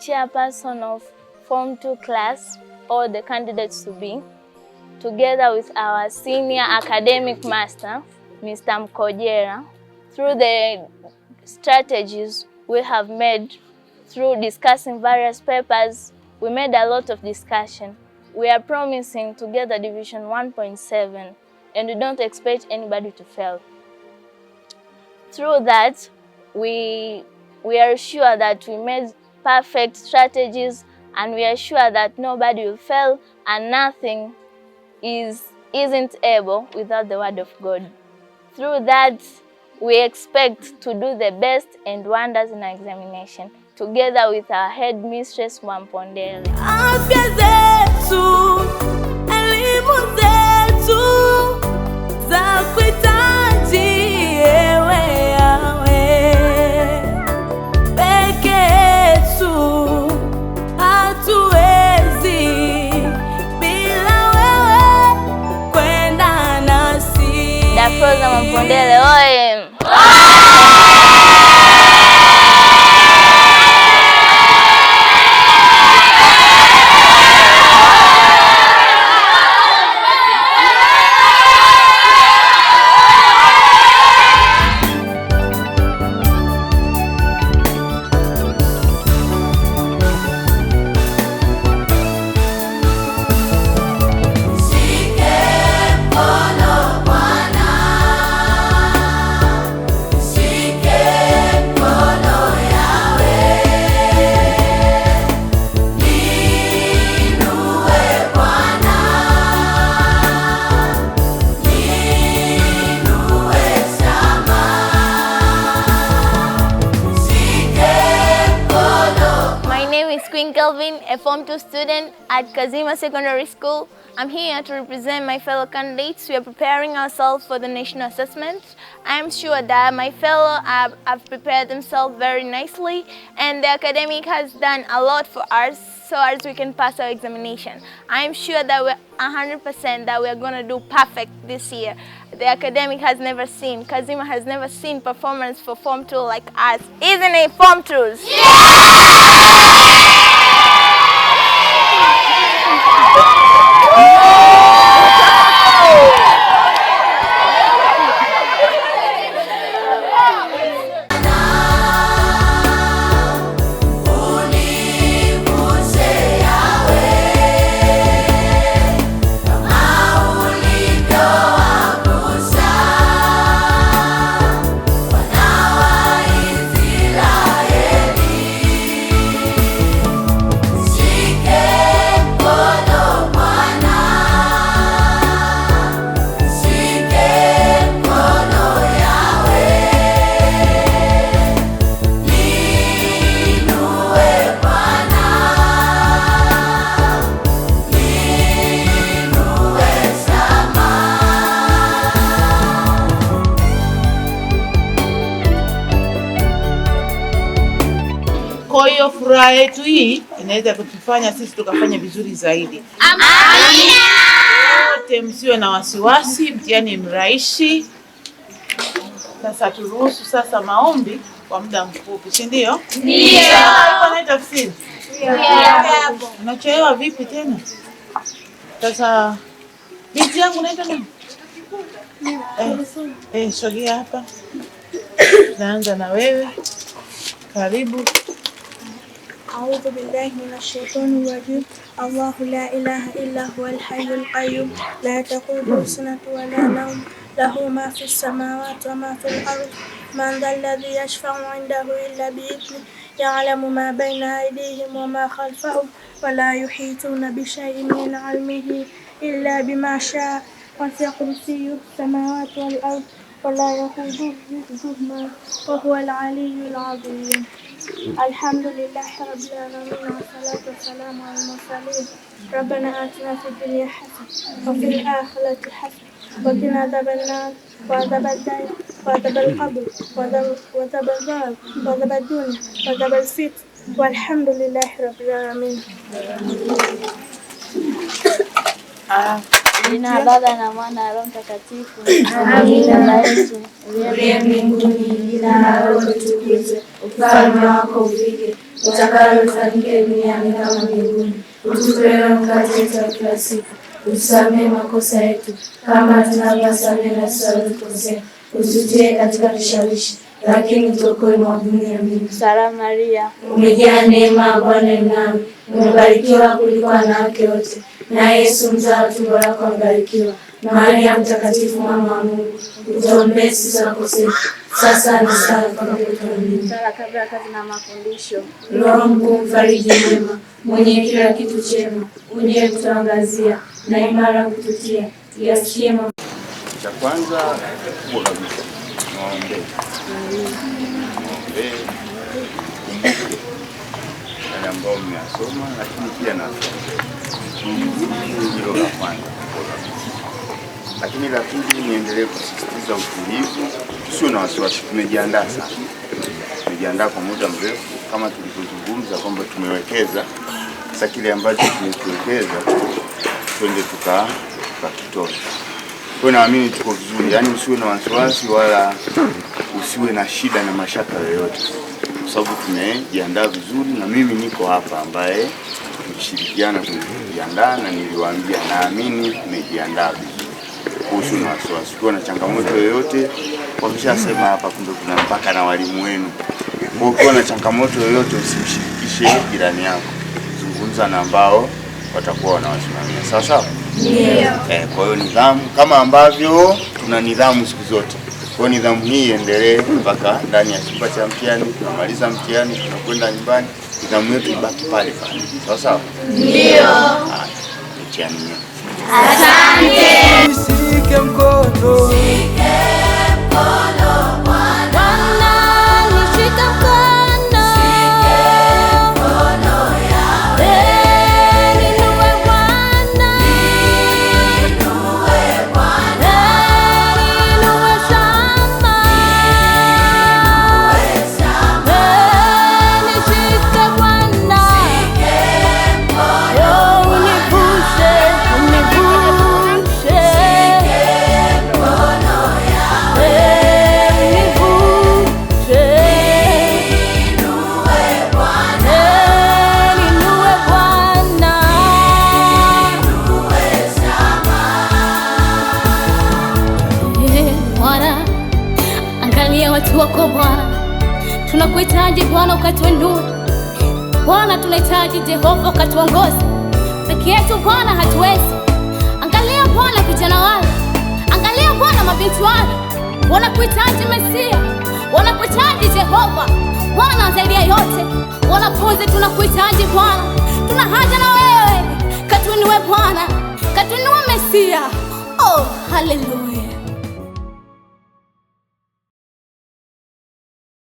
chairperson of Form 2 class or the candidates to be, together with our senior academic master, Mr. Mkojera, through the strategies we have made through discussing various papers, we made a lot of discussion. We are promising to get the Division 1.7 and we don't expect anybody to fail. Through that, we, we are sure that we made perfect strategies and we are sure that nobody will fail and nothing is isn't able without the word of God. Through that, we expect to do the best and wonders in our examination together with our headmistress Mwampondele. más programa por el día de hoy. I'm Kelvin, a Form 2 student at Kazima Secondary School. I'm here to represent my fellow candidates. We are preparing ourselves for the national assessment. I'm sure that my fellow have, have prepared themselves very nicely and the academic has done a lot for us so as we can pass our examination. I'm sure that we're 100% that we're going to do perfect this year. The academic has never seen, Kazima has never seen performance for Form 2 like us. Isn't it, Form 2s? Yeah! hiyo furaha yetu hii inaweza kutufanya sisi tukafanya vizuri zaidi. Amina. Wote msiwe na wasiwasi, mtihani mraishi. Sasa turuhusu sasa maombi kwa muda mfupi, si ndio? Ndio. vipi tena? Sasa binti yangu naitwa nani? Eh, eh, sogea hapa, naanza na wewe, karibu. أعوذ بالله من الشيطان الرجيم الله لا إله إلا هو الحي القيوم لا تقول سنة ولا نوم له ما في السماوات وما في الأرض من ذا الذي يشفع عنده إلا بإذنه يعلم ما بين أيديهم وما خلفهم ولا يحيطون بشيء من علمه إلا بما شاء وسع كرسيه السماوات والأرض ولا يقوده حفظهما وهو العلي العظيم الحمد لله رب العالمين والصلاة والسلام على المرسلين ربنا آتنا في الدنيا حسنة وفي الآخرة حسنة وقنا عذاب النار وعذاب الدنيا وعذاب القبر وعذاب الباب وعذاب الدنيا وعذاب الفتن والحمد لله رب العالمين. آه. Jina la Baba na Mwana na Roho Mtakatifu. Amina. Na Yesu uliye mbinguni, jina lako litukuzwe, ufalme wako ufike, utakalo ufanyike duniani kama mbinguni. Utupe leo mkate wetu wa kila siku, utusamehe makosa yetu kama tunavyosamehe na sisi waliotukosea, usitie katika kishawishi lakini tokoe mwa ya mimi. Salamu Maria, umejaa neema, Bwana mnami nawe, umebarikiwa kuliko wanawake wote, na Yesu mzao wa tumbo lako amebarikiwa. Maria Mtakatifu, mama wa Mungu, utuombee sisi wakosefu sasa na saa ya kufa kwetu. Amina. Kabla na Roho mkuu mfariji mwema, mwenye kila kitu chema, unye kutuangazia na imara kututia, tuyasikie cha kwanza ng'ombe ng'ombe kumbuke wale ambao mmeasoma, lakini pia na hilo la kwanza. Lakini la pili, niendelee kusisitiza utulivu, sio na wasiwasi. Tumejiandaa sana, tumejiandaa kwa muda mrefu, kama tulivyozungumza kwamba tumewekeza. Sasa kile ambacho tumekiwekeza twende tukakitoza tuka wewe naamini tuko vizuri, yaani usiwe na wasiwasi wala usiwe na shida na mashaka yoyote, kwa sababu tumejiandaa vizuri, na mimi niko hapa ambaye tulishirikiana kujiandaa, na niliwaambia naamini mejiandaa vizuri. Kuhusu na wasiwasi, ukiwa na changamoto yoyote, wameshasema hapa, kumbe kuna mpaka na walimu wenu. Ukiwa na changamoto yoyote, usimshirikishe jirani yako, zungumza na ambao watakuwa wanawasimamia sawasawa. Eh, kwa hiyo nidhamu kama ambavyo tuna nidhamu siku zote. Kwa hiyo nidhamu hii iendelee mpaka ndani ya chumba cha mtihani, tunamaliza mtihani, tunakwenda nyumbani, nidhamu yetu ibaki pale pale, sawa sawa? Ndio. Asante. watu wako Bwana, tunakuhitaji Bwana ukatuinue Bwana, tunahitaji Jehova ukatuongoze. Peke yetu Bwana hatuwezi. Angalia Bwana vijana wale, angalia Bwana mabinti wale, wanakuhitaji Mesia, wanakuhitaji Jehova Bwana, zaidi ya yote wanafunzi, tunakuhitaji Bwana, tuna haja na wewe, katunue Bwana, katunue Mesia. Oh, haleluya.